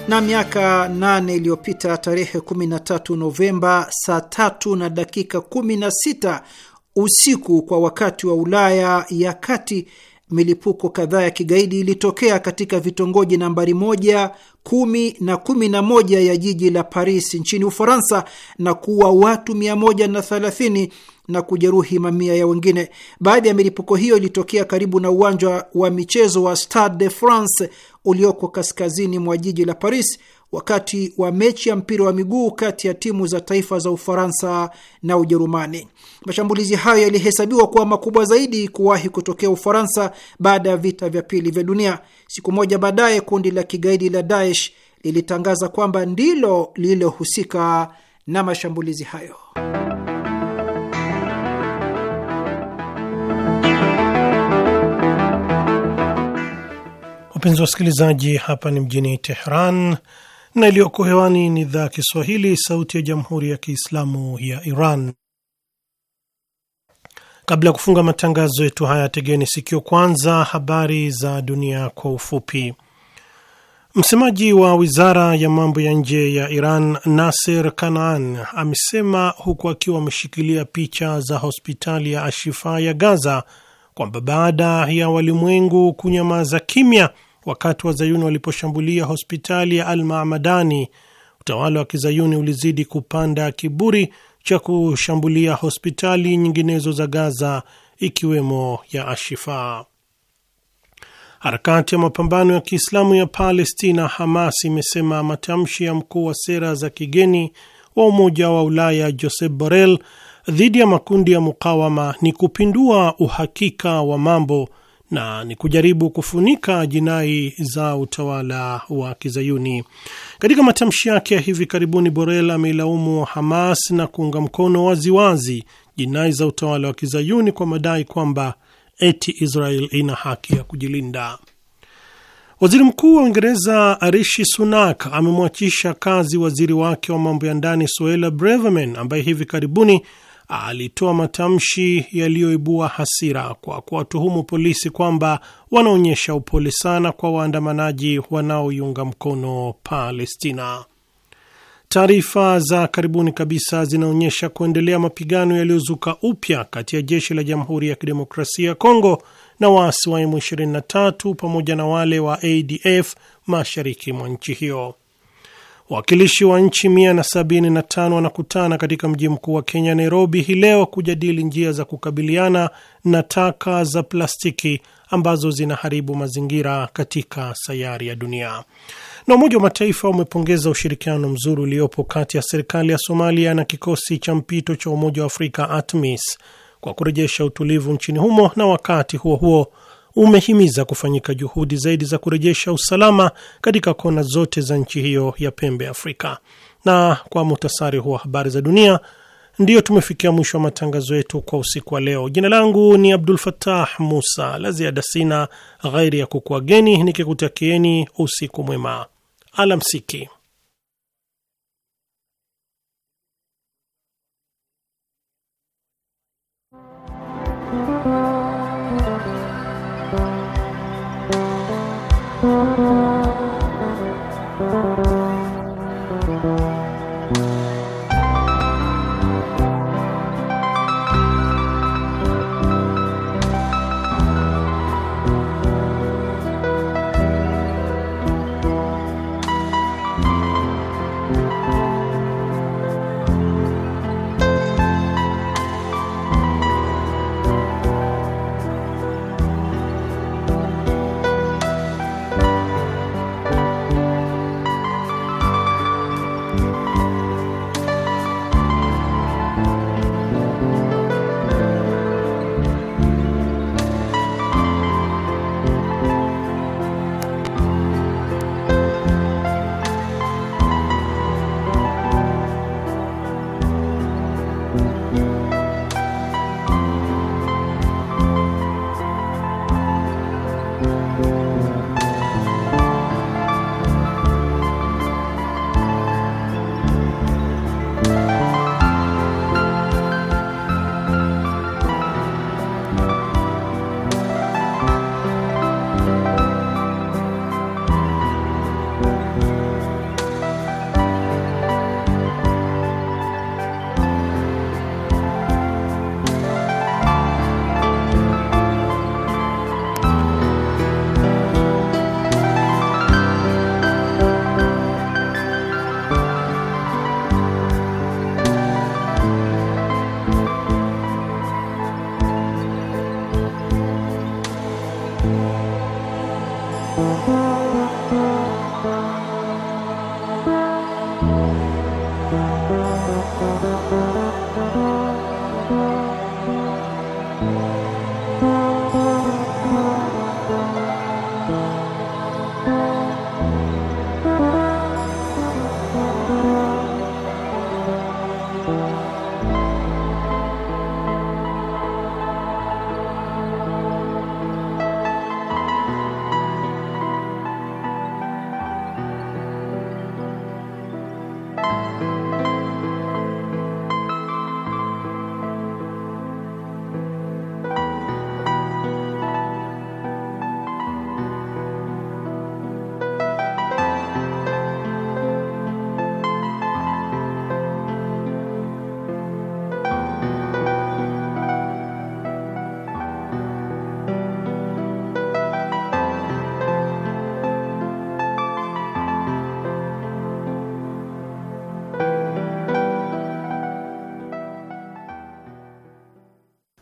Na miaka nane iliyopita tarehe 13 Novemba saa tatu na dakika 16 usiku kwa wakati wa Ulaya ya Kati, milipuko kadhaa ya kigaidi ilitokea katika vitongoji nambari moja, kumi na kumi na moja ya jiji la Paris nchini Ufaransa na kuua watu 130 na kujeruhi mamia ya wengine. Baadhi ya milipuko hiyo ilitokea karibu na uwanja wa michezo wa Stade de France ulioko kaskazini mwa jiji la Paris wakati wa mechi ya mpira wa miguu kati ya timu za taifa za Ufaransa na Ujerumani. Mashambulizi hayo yalihesabiwa kuwa makubwa zaidi kuwahi kutokea Ufaransa baada ya vita vya pili vya dunia. Siku moja baadaye, kundi la kigaidi la Daesh lilitangaza kwamba ndilo lililohusika na mashambulizi hayo. Wapenzi wasikilizaji, hapa ni mjini Tehran na iliyoko hewani ni idhaa ya Kiswahili, sauti ya jamhuri ya kiislamu ya Iran. Kabla ya kufunga matangazo yetu haya, tegeni sikio kwanza habari za dunia kwa ufupi. Msemaji wa wizara ya mambo ya nje ya Iran Nasser Kanaan amesema huku akiwa ameshikilia picha za hospitali ya Ashifa ya Gaza kwamba baada ya walimwengu kunyamaza kimya wakati wa zayuni waliposhambulia hospitali ya al Mamadani. utawala wa kizayuni ulizidi kupanda kiburi cha kushambulia hospitali nyinginezo za Gaza ikiwemo ya Ashifa. Harakati ya mapambano ya Kiislamu ya Palestina Hamas imesema matamshi ya mkuu wa sera za kigeni wa Umoja wa Ulaya Josep Borrell dhidi ya makundi ya mukawama ni kupindua uhakika wa mambo na ni kujaribu kufunika jinai za utawala wa Kizayuni. Katika matamshi yake ya hivi karibuni, Borel ameilaumu Hamas na kuunga mkono waziwazi jinai za utawala wa Kizayuni kwa madai kwamba eti Israel ina haki ya kujilinda. Waziri Mkuu wa Uingereza Arishi Sunak amemwachisha kazi waziri wake wa mambo ya ndani Suella Braverman ambaye hivi karibuni alitoa matamshi yaliyoibua hasira kwa kuwatuhumu polisi kwamba wanaonyesha upole sana kwa waandamanaji wanaoiunga mkono Palestina. Taarifa za karibuni kabisa zinaonyesha kuendelea mapigano yaliyozuka upya kati ya jeshi la Jamhuri ya Kidemokrasia ya Kongo na waasi wa M23 pamoja na wale wa ADF mashariki mwa nchi hiyo. Wawakilishi wa nchi 175 wanakutana katika mji mkuu wa Kenya, Nairobi, hii leo kujadili njia za kukabiliana na taka za plastiki ambazo zinaharibu mazingira katika sayari ya dunia. Na Umoja wa Mataifa umepongeza ushirikiano mzuri uliopo kati ya serikali ya Somalia na kikosi cha mpito cha Umoja wa Afrika ATMIS kwa kurejesha utulivu nchini humo na wakati huo huo umehimiza kufanyika juhudi zaidi za kurejesha usalama katika kona zote za nchi hiyo ya pembe Afrika. Na kwa muhtasari huwa habari za dunia, ndiyo tumefikia mwisho wa matangazo yetu kwa usiku wa leo. Jina langu ni Abdul fatah Musa. La ziada sina ghairi ya kukuageni nikikutakieni usiku mwema, alamsiki.